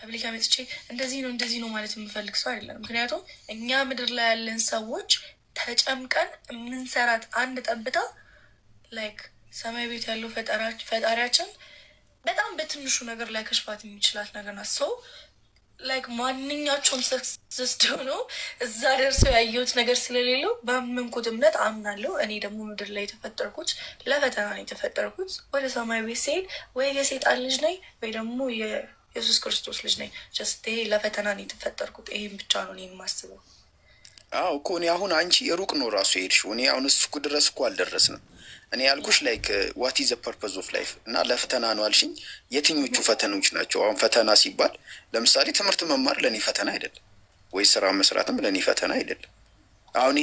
ፐብሊክ አመጥቼ እንደዚህ ነው እንደዚህ ነው ማለት የምፈልግ ሰው አይደለም። ምክንያቱም እኛ ምድር ላይ ያለን ሰዎች ተጨምቀን የምንሰራት አንድ ጠብታ ላይክ ሰማይ ቤት ያለው ፈጣሪያችን በጣም በትንሹ ነገር ላይ ከሽፋት የሚችላት ነገር ናት። ሰው ላይክ ማንኛቸውም ሰክሰስድ ሆኖ እዛ ደርሰው ያየሁት ነገር ስለሌለው በምንኩት እምነት አምናለሁ። እኔ ደግሞ ምድር ላይ የተፈጠርኩት ለፈተና ነው የተፈጠርኩት። ወደ ሰማይ ቤት ሲሄድ ወይ የሴጣን ልጅ ነኝ ወይ ደግሞ ኢየሱስ ክርስቶስ ልጅ ነኝ። ጀስት ይሄ ለፈተና ነው የተፈጠርኩት። ይሄን ብቻ ነው የማስበው። አዎ እኮ እኔ አሁን አንቺ ሩቅ ነው ራሱ የሄድሽው። እኔ አሁን እሱ ድረስ እኮ አልደረስንም። እኔ ያልኩሽ ላይክ ዋት ኢዝ ፐርፐዝ ኦፍ ላይፍ እና ለፈተና ነው አልሽኝ። የትኞቹ ፈተኖች ናቸው? አሁን ፈተና ሲባል ለምሳሌ ትምህርት መማር ለእኔ ፈተና አይደለም፣ ወይ ስራ መስራትም ለእኔ ፈተና አይደለም። አሁን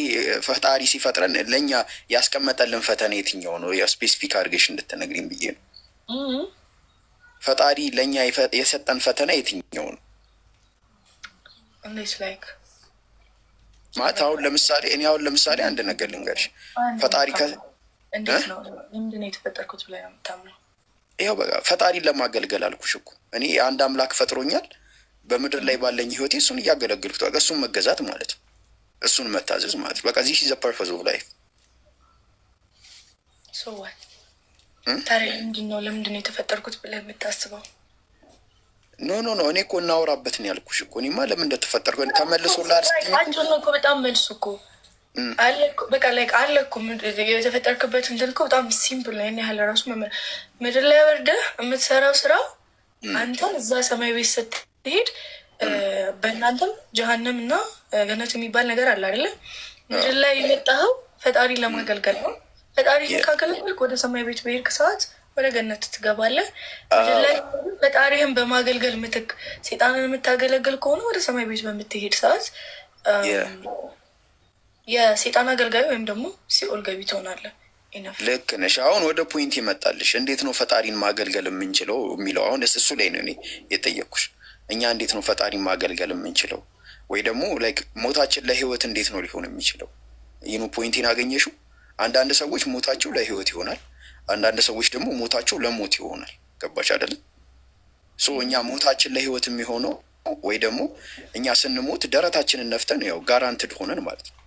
ፈጣሪ ሲፈጥረን ለእኛ ያስቀመጠልን ፈተና የትኛው ነው? ስፔሲፊክ አድርገሽ እንድትነግሪኝ ብዬ ነው። mm-hmm. ፈጣሪ ለእኛ የሰጠን ፈተና የትኛው ነው? ማለት አሁን ለምሳሌ እኔ አሁን ለምሳሌ አንድ ነገር ልንገርሽ፣ ፈጣሪ ይኸው በቃ ፈጣሪን ለማገልገል አልኩሽ እኮ እኔ አንድ አምላክ ፈጥሮኛል። በምድር ላይ ባለኝ ህይወቴ እሱን እያገለግልኩ በቃ እሱን መገዛት ማለት ነው፣ እሱን መታዘዝ ማለት ነው። በቃ ዚህ ኢዝ ዘ ፐርፐዝ ኦፍ ላይፍ ታዲያ ምንድን ነው ለምንድን ነው የተፈጠርኩት ብለህ የምታስበው? ኖ ኖ ኖ እኔ እኮ እናውራበት ነው ያልኩሽ እኮ እኔማ ለምን እንደተፈጠርኩ ተመልሶ ላአንጆ ነው በጣም መልሱ እኮ በቃ ላይ አለ እኮ የተፈጠርክበት እንትን እኮ በጣም ሲምፕል ነው። ያህል ራሱ ምድር ላይ ወርደህ የምትሰራው ስራው አንተን እዛ ሰማይ ቤት ስትሄድ በእናንተም ጀሀነም እና ገነት የሚባል ነገር አለ አይደለ? ምድር ላይ የመጣኸው ፈጣሪ ለማገልገል ነው። ፈጣሪ ካገለገልክ ወደ ሰማይ ቤት በሄድክ ሰዓት ወደ ገነት ትገባለህ። ላይ ፈጣሪህን በማገልገል ምትክ ሴጣንን የምታገለግል ከሆነ ወደ ሰማይ ቤት በምትሄድ ሰዓት የሴጣን አገልጋይ ወይም ደግሞ ሲኦል ገቢ ትሆናለህ። ልክ ነሽ። አሁን ወደ ፖይንት ይመጣልሽ። እንዴት ነው ፈጣሪን ማገልገል የምንችለው የሚለው አሁን እሱ ላይ ነው እኔ የጠየቅኩሽ። እኛ እንዴት ነው ፈጣሪን ማገልገል የምንችለው? ወይ ደግሞ ላይክ ሞታችን ለህይወት እንዴት ነው ሊሆን የሚችለው? ይህኑ ፖይንቲን አገኘሽው? አንዳንድ ሰዎች ሞታቸው ለህይወት ይሆናል። አንዳንድ ሰዎች ደግሞ ሞታቸው ለሞት ይሆናል። ገባች አይደለም? ሶ እኛ ሞታችን ለህይወት የሚሆነው ወይ ደግሞ እኛ ስንሞት ደረታችንን ነፍተን ያው ጋራንትድ ሆነን ማለት ነው።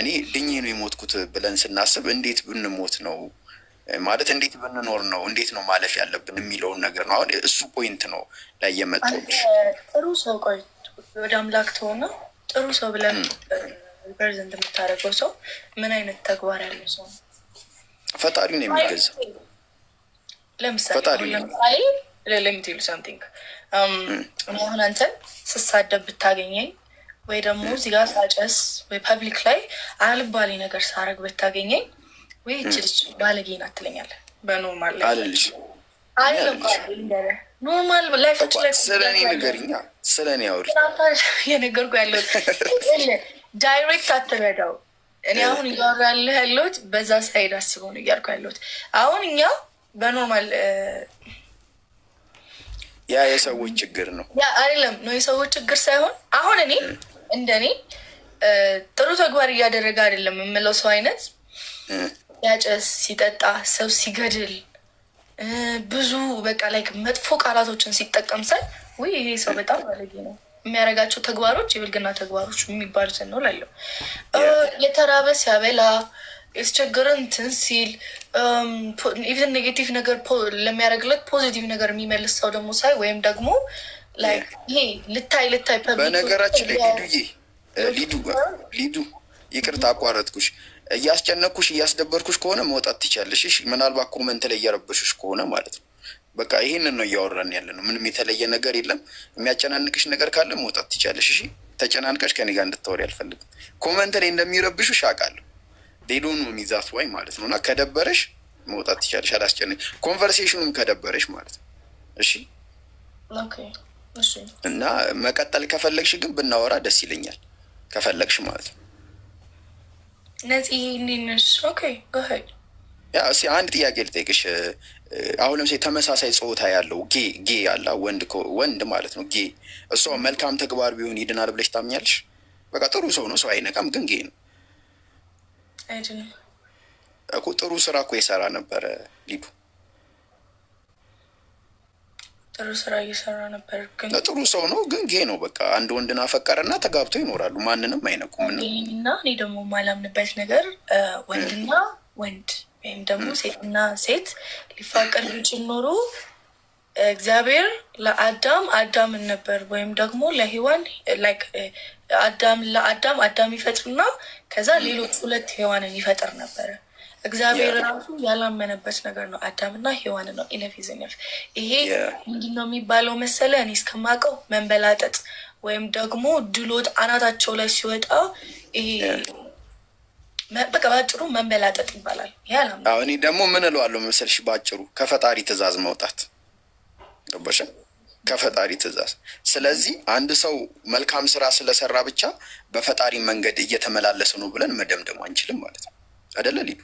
እኔ ድኜ ነው የሞትኩት ብለን ስናስብ እንዴት ብንሞት ነው ማለት እንዴት ብንኖር ነው እንዴት ነው ማለፍ ያለብን የሚለውን ነገር ነው። አሁን እሱ ፖይንት ነው ላይ የመጣሁልሽ። ጥሩ ሰው ቆይ ወደ አምላክ ተሆነ ጥሩ ሰው ብለን ፕሬዘንት የምታደርገው ሰው ምን አይነት ተግባር ያለው ሰው ነው? ፈጣሪ ነው የሚገዛ። ለምሳሌ ለምሳሌ ለሚቴሉ ሳምቲንግ um, አሁን አንተን ስሳደብ ብታገኘኝ ወይ ደግሞ እዚህ ጋር ሳጨስ ወይ ፐብሊክ ላይ አልባሌ ነገር ሳረግ ብታገኘኝ ወይ እች ልጅ ባለጌ ናት ትለኛለህ። በኖርማል አለልሽ ኖርማል ላይፋችን ላይ ስለኔ ንገሪኛ፣ ስለኔ አውሪ የነገርኩ ያለው ዳይሬክት አትረዳው። እኔ አሁን እያወራ ያለህ ያለሁት በዛ ሳይድ አስበው ነው እያልኩ ያለሁት። አሁን እኛ በኖርማል ያ የሰዎች ችግር ነው ያ አይደለም ነው የሰዎች ችግር ሳይሆን አሁን እኔ እንደ እኔ ጥሩ ተግባር እያደረገ አይደለም የምለው ሰው አይነት ያጨስ ሲጠጣ፣ ሰው ሲገድል ብዙ በቃ ላይክ መጥፎ ቃላቶችን ሲጠቀም ሳይ ውይ ይሄ ሰው በጣም ባለጌ ነው የሚያደርጋቸው ተግባሮች የብልግና ተግባሮች የሚባሉትን ነው ላለው የተራበ ሲያበላ የተቸገረ እንትን ሲል ኢቨን ኔጌቲቭ ነገር ለሚያደርግለት ፖዚቲቭ ነገር የሚመልስ ሰው ደግሞ ሳይ ወይም ደግሞ ይሄ ልታይ ልታይ በነገራችን ላይ ሊዱዬ ሊዱ ሊዱ ይቅርታ አቋረጥኩሽ። እያስጨነኩሽ እያስደበርኩሽ ከሆነ መውጣት ትችያለሽ። ምናልባት ኮመንት ላይ እየረበሽሽ ከሆነ ማለት ነው በቃ ይህንን ነው እያወራን ያለ ነው። ምንም የተለየ ነገር የለም። የሚያጨናንቅሽ ነገር ካለ መውጣት ትቻለሽ። እሺ ተጨናንቀሽ ከኔ ጋር እንድታወሪ አልፈልግም። ኮመንት ላይ እንደሚረብሹ ሻቃለሁ። ሌሎኑ ሚዛት ዋይ ማለት ነው እና ከደበረሽ መውጣት ትቻለሽ። አላስጨነ ኮንቨርሴሽኑም ከደበረሽ ማለት ነው። እሺ እና መቀጠል ከፈለግሽ ግን ብናወራ ደስ ይለኛል። ከፈለግሽ ማለት ነው። ነፂ አንድ ጥያቄ ልጠይቅሽ አሁን ለምሳሌ ተመሳሳይ ጾታ ያለው ጌ ጌ ያላ ወንድ ወንድ ማለት ነው ጌ እሷ መልካም ተግባር ቢሆን ይድናል ብለሽ ታምኛለሽ? በቃ ጥሩ ሰው ነው፣ ሰው አይነቃም፣ ግን ጌ ነው እኮ ጥሩ ስራ እኮ የሰራ ነበረ ሊዱ ጥሩ ስራ እየሰራ ነበር። ግን ጥሩ ሰው ነው ግን ጌ ነው። በቃ አንድ ወንድን አፈቀረ እና ተጋብቶ ይኖራሉ። ማንንም አይነቁም። እና እኔ ደግሞ ማላምንበት ነገር ወንድና ወንድ ወይም ደግሞ ሴትና ሴት ሊፋቀር ቢችል ኖሮ እግዚአብሔር ለአዳም አዳምን ነበር ወይም ደግሞ ለሔዋን አዳም ለአዳም አዳም ይፈጥርና ከዛ ሌሎች ሁለት ሔዋንን ይፈጥር ነበረ። እግዚአብሔር ራሱ ያላመነበት ነገር ነው። አዳምና ሔዋን ነው ኢነፊዝኛል። ይሄ ምንድን ነው የሚባለው መሰለ? እኔ እስከማውቀው መንበላጠጥ ወይም ደግሞ ድሎት አናታቸው ላይ ሲወጣ ይሄ በቃ በአጭሩ መበላጠጥ ይባላል። እኔ ደግሞ ምን እለዋለሁ መሰልሽ፣ በአጭሩ ከፈጣሪ ትእዛዝ መውጣት ገባሽ? ከፈጣሪ ትእዛዝ። ስለዚህ አንድ ሰው መልካም ስራ ስለሰራ ብቻ በፈጣሪ መንገድ እየተመላለሰ ነው ብለን መደምደም አንችልም ማለት ነው አደለ? ልዩ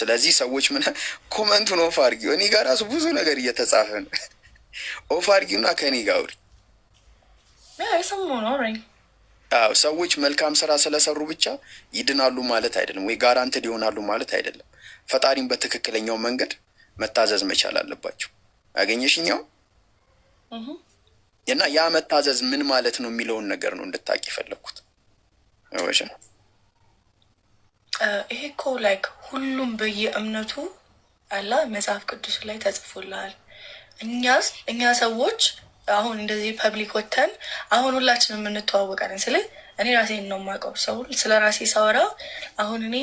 ስለዚህ ሰዎች ምን ኮመንቱን ኦፍ አድርጊው። እኔ ጋር ራሱ ብዙ ነገር እየተጻፈ ነው። ኦፍ አድርጊውና ከእኔ ጋር አውሪ። ሰዎች መልካም ስራ ስለሰሩ ብቻ ይድናሉ ማለት አይደለም፣ ወይ ጋራንትድ ይሆናሉ ማለት አይደለም። ፈጣሪን በትክክለኛው መንገድ መታዘዝ መቻል አለባቸው። አገኘሽኛው እና ያ መታዘዝ ምን ማለት ነው የሚለውን ነገር ነው እንድታቂ የፈለግኩት። ይሄ እኮ ላይክ ሁሉም በየእምነቱ አላ መጽሐፍ ቅዱስ ላይ ተጽፎልሃል። እኛ እኛ ሰዎች አሁን እንደዚህ ፐብሊክ ወተን አሁን ሁላችንም የምንተዋወቀን ስለ እኔ ራሴን ነው የማውቀው። ሰው ስለ ራሴ ሳወራ አሁን እኔ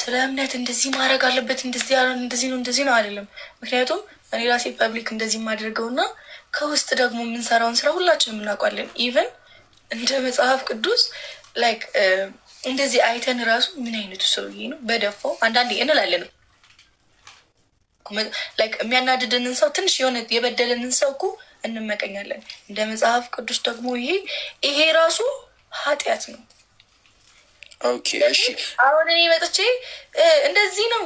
ስለ እምነት እንደዚህ ማድረግ አለበት እንደዚህ ነው እንደዚህ ነው አይደለም። ምክንያቱም እኔ ራሴ ፐብሊክ እንደዚህ የማደርገው እና ከውስጥ ደግሞ የምንሰራውን ስራ ሁላችንም እናውቋለን ኢቨን እንደ መጽሐፍ ቅዱስ ላይክ እንደዚህ አይተን ራሱ ምን አይነቱ ሰውዬ ነው በደፎ አንዳንዴ እንላለን። ላይክ የሚያናድድንን ሰው ትንሽ የሆነ የበደለንን ሰው እኮ እንመቀኛለን። እንደ መጽሐፍ ቅዱስ ደግሞ ይሄ ይሄ ራሱ ኃጢአት ነው። አሁን እኔ መጥቼ እንደዚህ ነው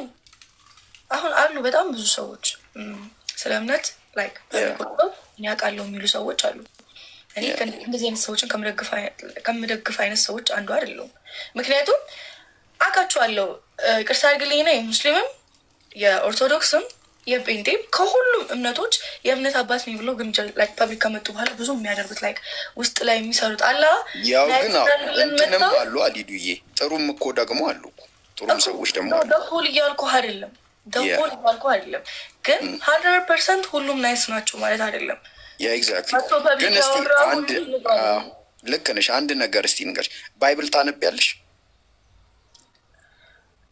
አሁን አሉ በጣም ብዙ ሰዎች ስለ እምነት ላይክ አውቃለሁ የሚሉ ሰዎች አሉ። እኔ እንደዚህ አይነት ሰዎችን ከምደግፍ አይነት ሰዎች አንዱ አይደለሁም። ምክንያቱም አውቃችኋለሁ፣ ቅርስ አድርግልኝና የሙስሊምም የኦርቶዶክስም የጴንጤም ከሁሉም እምነቶች የእምነት አባት ነኝ ብለው ግን ፐብሊክ ከመጡ በኋላ ብዙ የሚያደርጉት ላይ ውስጥ ላይ የሚሰሩት አላ ያው ግን እንትንም አሉ አዲዱዬ፣ ጥሩም እኮ ደግሞ አሉ፣ ጥሩም ሰዎች ደግሞ አሉ። ደሆል እያልኩ አይደለም፣ ደሆል እያልኩ አይደለም። ግን mm. ሀንድረድ ፐርሰንት ሁሉም ናይስ ናቸው ማለት አይደለም። ግን እስቲ አንድ ልክ ነሽ፣ አንድ ነገር እስቲ ንገር ባይብል ታነቢያለሽ?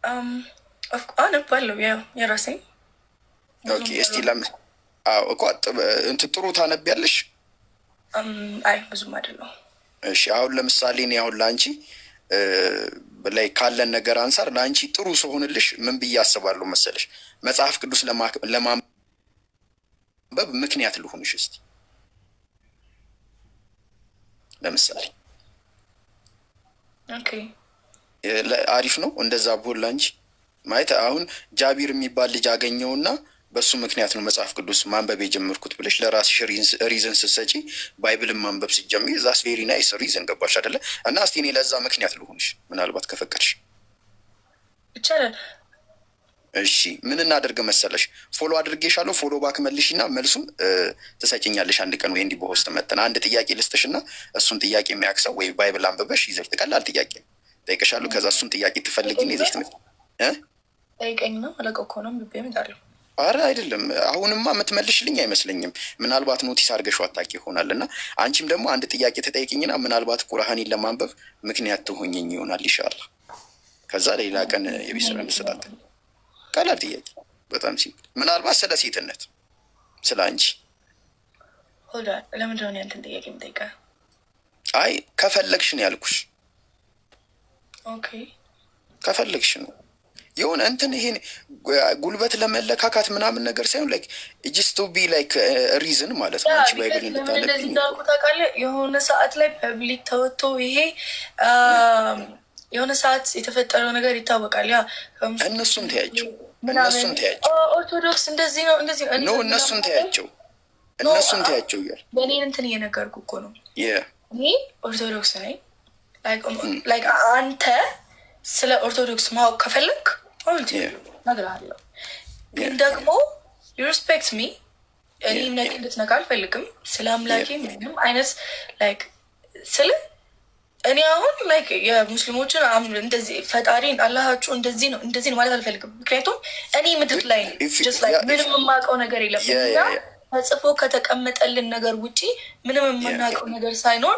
Um, አነባለሁ፣ የራሴን እስቲ ለምን እኮ እንትን ጥሩ ታነቢያለሽ? አይ ብዙም አይደለሁ። እሺ አሁን ለምሳሌ እኔ አሁን ለአንቺ ላይ ካለን ነገር አንጻር ለአንቺ ጥሩ ስሆንልሽ ምን ብዬ አስባለሁ መሰለሽ? መጽሐፍ ቅዱስ ለማንበብ ምክንያት ልሆንሽ። እስቲ ለምሳሌ አሪፍ ነው እንደዛ ብሆን ለአንቺ ማለት አሁን ጃቢር የሚባል ልጅ አገኘውና በሱ ምክንያት ነው መጽሐፍ ቅዱስ ማንበብ የጀመርኩት ብለሽ ለራስሽ ሪዝን ስትሰጪ ባይብልን ማንበብ ስትጀምሪ ዛስ ቬሪ ናይስ ሪዝን ገባሽ አደለ እና እስቲ እኔ ለዛ ምክንያት ልሆንሽ ምናልባት ከፈቀድሽ ይቻላል። እሺ ምን እናደርግ መሰለሽ፣ ፎሎ አድርጌሻለሁ። ፎሎ ባክ መልሽ እና መልሱን ትሰጭኛለሽ አንድ ቀን ወይ እንዲህ በሆስት መጠን አንድ ጥያቄ ልስጥሽ እና እሱን ጥያቄ የሚያክሰው ወይ ባይብል አንብበሽ ይዘሽ ትቀላል። ጥያቄ ጠይቅሻለሁ። ከዛ እሱን ጥያቄ ትፈልግና ይዘሽ ትመ ጠይቀኝ ነው አለቀ እኮ ነው ብቤ ምጣለሁ አረ አይደለም። አሁንማ የምትመልሽልኝ አይመስለኝም። ምናልባት ኖቲስ አድርገሽው አታውቂ ይሆናል እና አንቺም ደግሞ አንድ ጥያቄ ተጠይቅኝና ምናልባት ቁርአንን ለማንበብ ምክንያት ትሆኝኝ ይሆናል ይሻላል። ከዛ ሌላ ቀን የቤት ስራ እንሰጣለን። ቀላል ጥያቄ፣ በጣም ሲምፕል። ምናልባት ስለ ሴትነት፣ ስለ አንቺ። ለምንድን ነው ያንተን ጥያቄ የምጠይቀው? አይ ከፈለግሽ ነው ያልኩሽ። ኦኬ ከፈለግሽ ነው የሆነ እንትን ይሄን ጉልበት ለመለካካት ምናምን ነገር ሳይሆን ላይክ ጅስት ቢ ላይክ ሪዝን ማለት ነው። አንቺ ባይብል እንደዚህ እንዳልኩ ታውቃለህ፣ የሆነ ሰዓት ላይ ፐብሊክ ተወጥቶ ይሄ የሆነ ሰዓት የተፈጠረው ነገር ይታወቃል። ያ እነሱን ተያቸው፣ እነሱን ተያቸው፣ ኦርቶዶክስ እንደዚህ ነው እንደዚህ ነው። እነሱን ተያቸው፣ እነሱን ተያቸው እያል በእኔን እንትን እየነገርኩ እኮ ነው። እኔ ኦርቶዶክስ ነኝ። ላይክ hmm. አንተ ስለ ኦርቶዶክስ ማወቅ ከፈለግ ነግራለሁ። ግን ደግሞ ሪስፔክት ሚ እኔ እምነቴ እንድትነካ አልፈልግም። ስለ አምላኬ ምንም አይነት ላይክ ስለ እኔ አሁን ላይክ የሙስሊሞችን እንደዚህ ፈጣሪን አላሃችሁ እንደዚህ ነው እንደዚህ ነው ማለት አልፈልግም። ምክንያቱም እኔ ምድር ላይ ምንም የማውቀው ነገር የለም። ተጽፎ ከተቀመጠልን ነገር ውጪ ምንም የምናውቀው ነገር ሳይኖር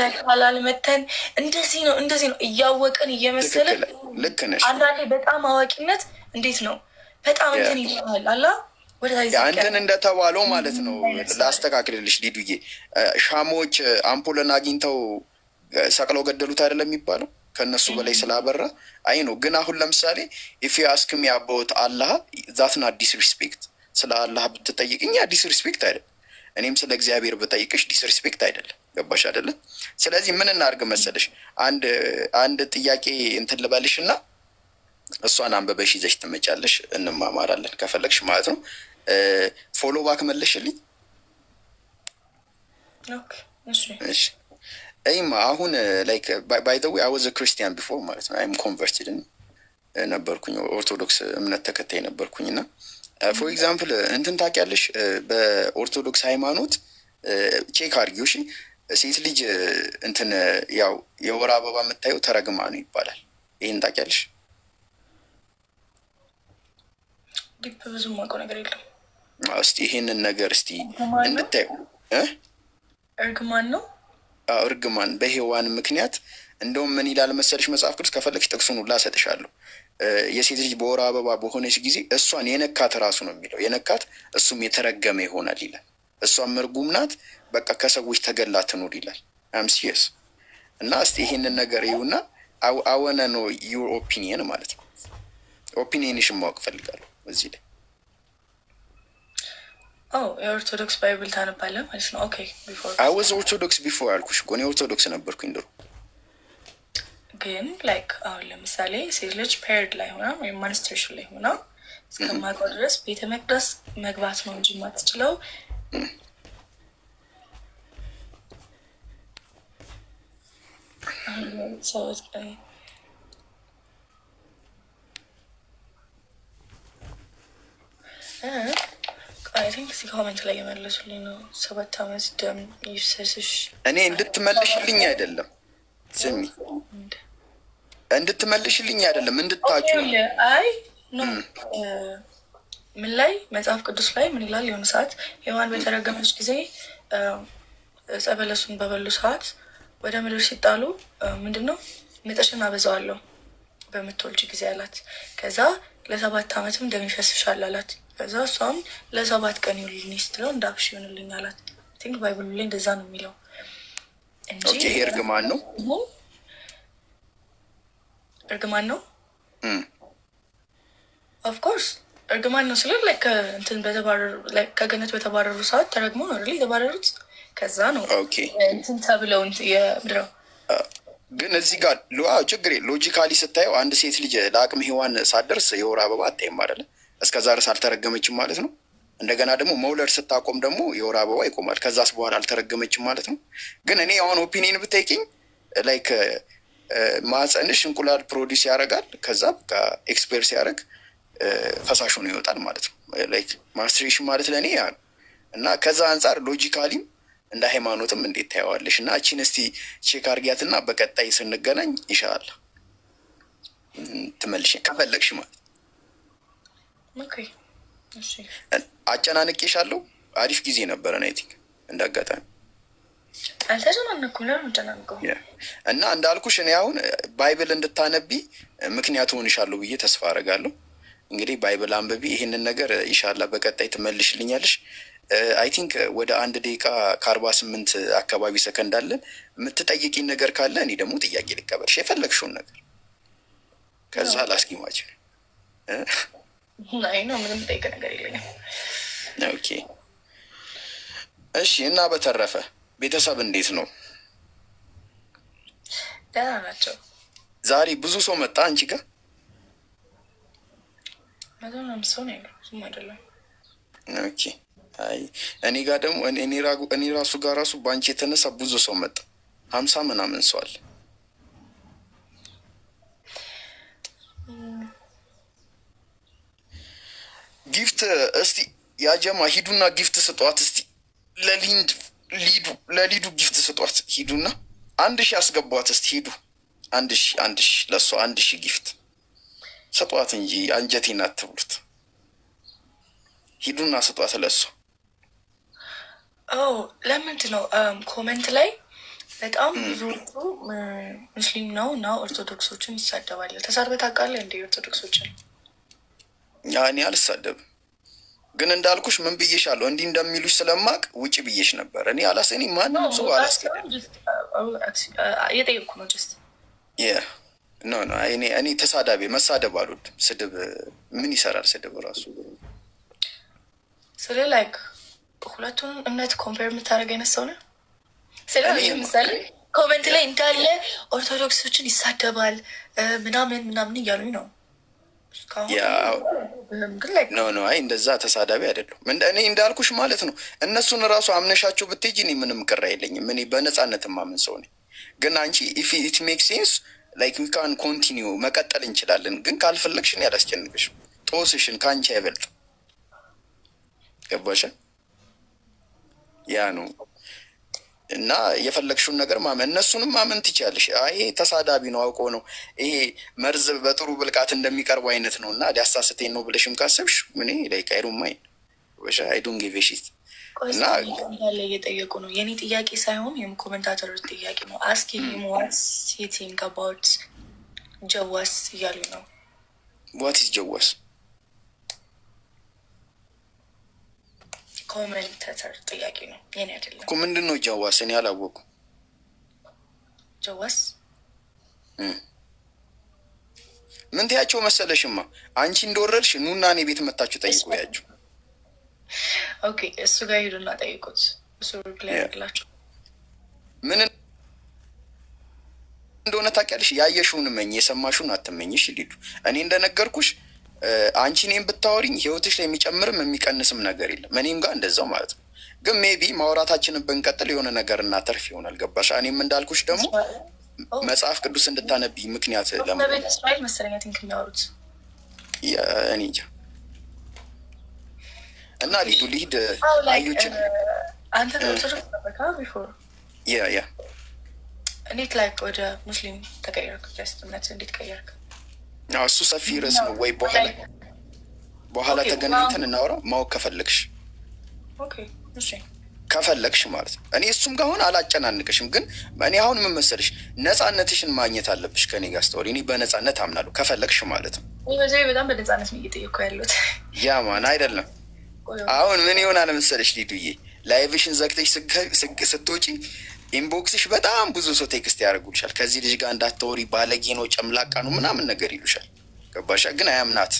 ላይካላል መተን እንደዚህ ነው እንደዚህ ነው እያወቅን እየመሰለን አንዳንዴ በጣም አዋቂነት እንዴት ነው በጣም እንትን ይሆናል አላ አንተን እንደተባለው ማለት ነው። ላስተካክልልሽ ሊዱዬ፣ ሻሞች አምፖልን አግኝተው ሰቅለው ገደሉት አይደለም የሚባለው ከእነሱ በላይ ስላበራ አይ ነው። ግን አሁን ለምሳሌ ኢፍ ዩ አስክ ሚ አባውት አላህ ስለ አላህ ብትጠይቅኛ ዲስሪስፔክት አይደለም። እኔም ስለ እግዚአብሔር ብጠይቅሽ ዲስሪስፔክት አይደለም። ገባሽ አይደለም? ስለዚህ ምን እናርግ መሰለሽ፣ አንድ አንድ ጥያቄ እንትን ልበልሽ እና እሷን አንብበሽ ይዘሽ ትመጫለሽ። እንማማራለን ከፈለግሽ ማለት ነው። ፎሎ ባክ መለሽልኝ። ይማ አሁን ላይክ ባይ ዘ አይ ዋዝ ክርስቲያን ቢፎር ማለት ነው። አይም ነበርኩኝ ኦርቶዶክስ እምነት ተከታይ ነበርኩኝ እና ፎር uh, ኤግዛምፕል uh, እንትን ታውቂያለሽ፣ uh, በኦርቶዶክስ ሃይማኖት ቼክ አድርጊው እሺ። ሴት ልጅ እንትን ያው የወር አበባ የምታየው ተረግማ ነው ይባላል። ይህን ታውቂያለሽ? ዲፕ ብዙ ነገር የለም። እስቲ ይሄንን ነገር እስቲ እንድታየው እርግማን ነው እርግማን በሔዋን ምክንያት እንደውም ምን ይላል መሰለሽ መጽሐፍ ቅዱስ ከፈለግሽ ጥቅሱን ሁላ እሰጥሻለሁ። የሴት ልጅ በወር አበባ በሆነች ጊዜ እሷን የነካት ራሱ ነው የሚለው የነካት እሱም የተረገመ ይሆናል ይላል። እሷም እርጉም ናት፣ በቃ ከሰዎች ተገላ ትኑር ይላል። አምሲየስ እና እስቲ ይሄንን ነገር ይሁና አወነ ነው ዩር ኦፒኒየን ማለት ነው። ኦፒኒየንሽን ማወቅ ፈልጋለሁ እዚህ ላይ የኦርቶዶክስ ባይብል ታነባለህ ማለት ነው። ኦኬ ቢፎር አይ ኦርቶዶክስ ቢፎር አልኩሽ እኮ እኔ ኦርቶዶክስ ነበርኩኝ ድሮ ግን ላይክ አሁን ለምሳሌ ሴት ልጅ ፔሪድ ላይ ሆና ወይም ማንስትሬሽን ላይ ሆና እስከማቋ ድረስ ቤተ መቅደስ መግባት ነው እንጂ ማትችለው ኮመንት ላይ የመለሱልኝ ነው። ሰባት ዓመት ደም ይፍሰስሽ። እኔ እንድትመልሽልኝ አይደለም ስሚ እንድትመልሽልኝ አይደለም እንድታውቂው። አይ ምን ላይ መጽሐፍ ቅዱስ ላይ ምን ይላል? የሆነ ሰዓት ሔዋን በተረገመች ጊዜ ጸበለሱን በበሉ ሰዓት ወደ ምድር ሲጣሉ ምንድን ነው ምጥሽን አበዛዋለሁ በምትወልጅ ጊዜ አላት። ከዛ ለሰባት ዓመትም ደም ይፈስሻል አላት። ከዛ እሷም ለሰባት ቀን ይሁንልኝ ስትለው እንዳብሽ ይሆንልኝ አላት። ቲንክ ባይብሉ ላይ እንደዛ ነው የሚለው እንጂ እርግማን ነው እርግማን ነው ኦፍኮርስ እርግማን ነው ስለ እንትን ከገነት በተባረሩ ሰዓት ተረግሞ ነው የተባረሩት። ከዛ ነው እንትን ተብለው የምድረው ግን እዚህ ጋር ችግር ሎጂካሊ ስታየው አንድ ሴት ልጅ ለአቅመ ሔዋን ሳደርስ የወር አበባ አታይም አይደለ? እስከዛ ድረስ አልተረገመችም ማለት ነው። እንደገና ደግሞ መውለድ ስታቆም ደግሞ የወር አበባ ይቆማል። ከዛስ በኋላ አልተረገመችም ማለት ነው። ግን እኔ አሁን ኦፒኒየን ብታይቅኝ ላይክ ማህፀንሽ እንቁላል ፕሮዲስ ያደርጋል። ከዛ በቃ ኤክስፔር ሲያደርግ ፈሳሽ ሆኖ ይወጣል ማለት ነው። ላይክ ማስትሬሽን ማለት ለእኔ ያ እና ከዛ አንጻር ሎጂካሊም እንደ ሃይማኖትም እንዴት ታየዋለሽ? እና እቺን እስቲ ቼክ አርጊያትና በቀጣይ ስንገናኝ ይሻላል ትመልሽ ከፈለግሽ ማለት አጨናንቄሻለሁ። አሪፍ ጊዜ ነበረ። አይ ቲንክ እንደ አጋጣሚ አልተጨናነኩም። ለምን እጨናንቀው? እና እንዳልኩሽ እኔ አሁን ባይብል እንድታነቢ ምክንያቱ ሆንሻለሁ ብዬ ተስፋ አደርጋለሁ። እንግዲህ ባይብል አንብቢ። ይህንን ነገር ኢንሻላህ በቀጣይ ትመልሽልኛለሽ። አይ ቲንክ ወደ አንድ ደቂቃ ከአርባ ስምንት አካባቢ ሰከንድ አለን። የምትጠይቂኝ ነገር ካለ እኔ ደግሞ ጥያቄ ልቀበልሽ የፈለግሽውን ነገር ከዛ ላስኪማችን ነው። ምንም ጠይቅ ነገር የለኝም። ኦኬ እሺ። እና በተረፈ ቤተሰብ እንዴት ነው? ደህና ናቸው። ዛሬ ብዙ ሰው መጣ አንቺ ጋር? ኦኬ። እኔ ጋር ደግሞ እኔ ራሱ ጋር ራሱ በአንቺ የተነሳ ብዙ ሰው መጣ። ሀምሳ ምናምን ሰዋል። ጊፍት እስቲ ያጀማ ሂዱና ጊፍት ስጠዋት እስቲ ለሊንድ ሊዱ ለሊዱ ጊፍት ስጧት። ሂዱና አንድ ሺ አስገቧት እስቲ ሂዱ። አንድ ሺ አንድ ሺ ለእሷ አንድ ሺ ጊፍት ስጧት እንጂ አንጀቴን አትብሉት። ሂዱና ስጧት ለእሷ። ለምንድ ነው ኮመንት ላይ በጣም ብዙዎቹ ሙስሊም ነው እና ኦርቶዶክሶችን ይሳደባል። ተሳድበህ ታውቃለህ እንደ ኦርቶዶክሶችን? እኔ አልሳደብም ግን እንዳልኩሽ ምን ብዬሻለሁ? እንዲህ እንደሚሉሽ ስለማቅ ውጭ ብዬሽ ነበር። እኔ አላስ እኔ ማንም ሰው አላስገድም uh, uh, ኖ ኖ እኔ ተሳዳቤ መሳደብ አሉት ስድብ ምን ይሰራል? ስድብ ራሱ ስለ ላይክ ሁለቱን እምነት ኮምፔር የምታደርግ አይነት ሰው ነው። ስለ ምሳሌ ኮመንት ላይ እንዳለ ኦርቶዶክሶችን ይሳደባል ምናምን ምናምን እያሉኝ ነው አይ እንደዛ ተሳዳቢ አይደለሁም። እኔ እንዳልኩሽ ማለት ነው እነሱን እራሱ አምነሻቸው ብትሄጂ እኔ ምንም ቅር አይለኝም። እኔ በነፃነት ማምን ሰው ነኝ። ግን አንቺ ኢፍ ኢት ሜክ ሴንስ ላይክ ዊ ካን መቀጠል እንችላለን። ግን ካልፈለግሽን ያላስጨንቅሽም። ጦስሽን ከአንቺ አይበልጥም። ገባሽ? ያ ነው እና የፈለግሽውን ነገር ማመን እነሱንም ማመን ትችያለሽ። ይሄ ተሳዳቢ ነው አውቆ ነው ይሄ መርዝ በጥሩ ብልቃት እንደሚቀርቡ አይነት ነው እና ሊያሳስቴን ነው ብለሽም ካሰብሽ ምን ላይ ቃይሩማይ አይዱን ጌቬሽት እና እንዳለ እየጠየቁ ነው። የኔ ጥያቄ ሳይሆን የም ኮመንታተሮች ጥያቄ ነው። አስኪ ዋስ ሴቲንግ አባውት ጀዋስ እያሉ ነው። ዋት ኢዝ ጀዋስ ኮመንተተር ጥያቄ ነው የኔ አይደለም እኮ። ምንድን ነው ጀዋስ? እኔ አላወኩም። ጀዋስ ምን ትያቸው መሰለሽማ፣ አንቺ እንደወረድሽ ኑና እኔ ቤት መታችሁ ጠይቁ ያቸው። ኦኬ እሱ ጋር ሄዱና ጠይቁት። እሱ ላይ ያላቸው ምን እንደሆነ ታውቂያለሽ። ያየሽውን መኝ የሰማሽውን አትመኝሽ ሊዱ እኔ እንደነገርኩሽ አንቺ እኔም ብታወሪኝ ህይወትሽ ላይ የሚጨምርም የሚቀንስም ነገር የለም። እኔም ጋር እንደዛው ማለት ነው። ግን ሜቢ ማውራታችንን ብንቀጥል የሆነ ነገር እናተርፍ ይሆናል። ገባሽ? እኔም እንዳልኩሽ ደግሞ መጽሐፍ ቅዱስ እንድታነብይ ምክንያት ለመሆን እንጃ እና ሊዱ ሊድ አዩችን አንተ ያ ያ እንዴት ላይክ ወደ ሙስሊም ተቀየርክ? እምነት እንዴት ቀየርክ? እሱ ሰፊ ርዕስ ነው። ወይ በኋላ በኋላ ተገናኝተን እናውራ። ማወቅ ከፈለግሽ ከፈለግሽ ማለት ነው። እኔ እሱም ጋር አሁን አላጨናንቅሽም፣ ግን እኔ አሁን ምን መሰለሽ ነፃነትሽን ማግኘት አለብሽ ከኔ ጋር ስተወሪ። እኔ በነፃነት አምናለሁ፣ ከፈለግሽ ማለት ነው። በጣም በነፃነት እየጠየኩ ያ ማን አይደለም። አሁን ምን ይሆናል መሰለሽ ሊዱዬ፣ ላይቭሽን ዘግተሽ ስትወጪ ኢንቦክስሽ በጣም ብዙ ሰው ቴክስት ያደርጉልሻል። ከዚህ ልጅ ጋር እንዳታወሪ ባለጌ ነው ጨምላቃ ነው ምናምን ነገር ይሉሻል። ገባሻ? ግን አያምናት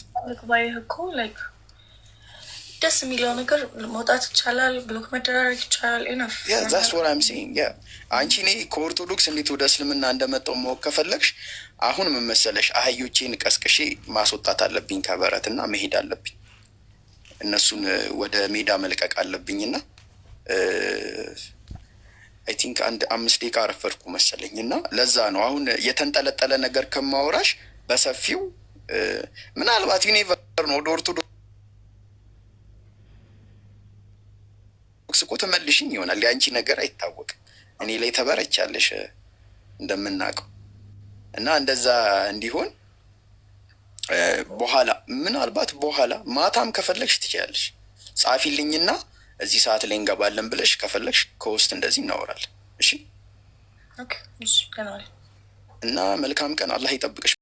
ደስ የሚለው ነገር መውጣት ይቻላል፣ ብሎክ መደራረግ ይቻላል። ዛስ አንቺ እኔ ከኦርቶዶክስ እንዴት ወደ እስልምና እንደመጣው ማወቅ ከፈለግሽ አሁን መመሰለሽ አህዮቼን ቀስቅሼ ማስወጣት አለብኝ ከበረት እና መሄድ አለብኝ እነሱን ወደ ሜዳ መልቀቅ አለብኝና ቲንክ አንድ አምስት ደቂቃ አረፈድኩ መሰለኝ እና ለዛ ነው አሁን የተንጠለጠለ ነገር ከማወራሽ በሰፊው ምናልባት ዩኒቨር ነው ወደ ኦርቶዶክስ እኮ ተመልሽኝ ይሆናል። የአንቺ ነገር አይታወቅም። እኔ ላይ ተበረቻለሽ እንደምናውቀው እና እንደዛ እንዲሆን በኋላ ምናልባት በኋላ ማታም ከፈለግሽ ትችላለሽ ጻፊልኝና እዚህ ሰዓት ላይ እንገባለን ብለሽ ከፈለግሽ ከውስጥ እንደዚህ እናወራለን። እሺ ኦኬ እሺ እና መልካም ቀን አላህ ይጠብቅሽ።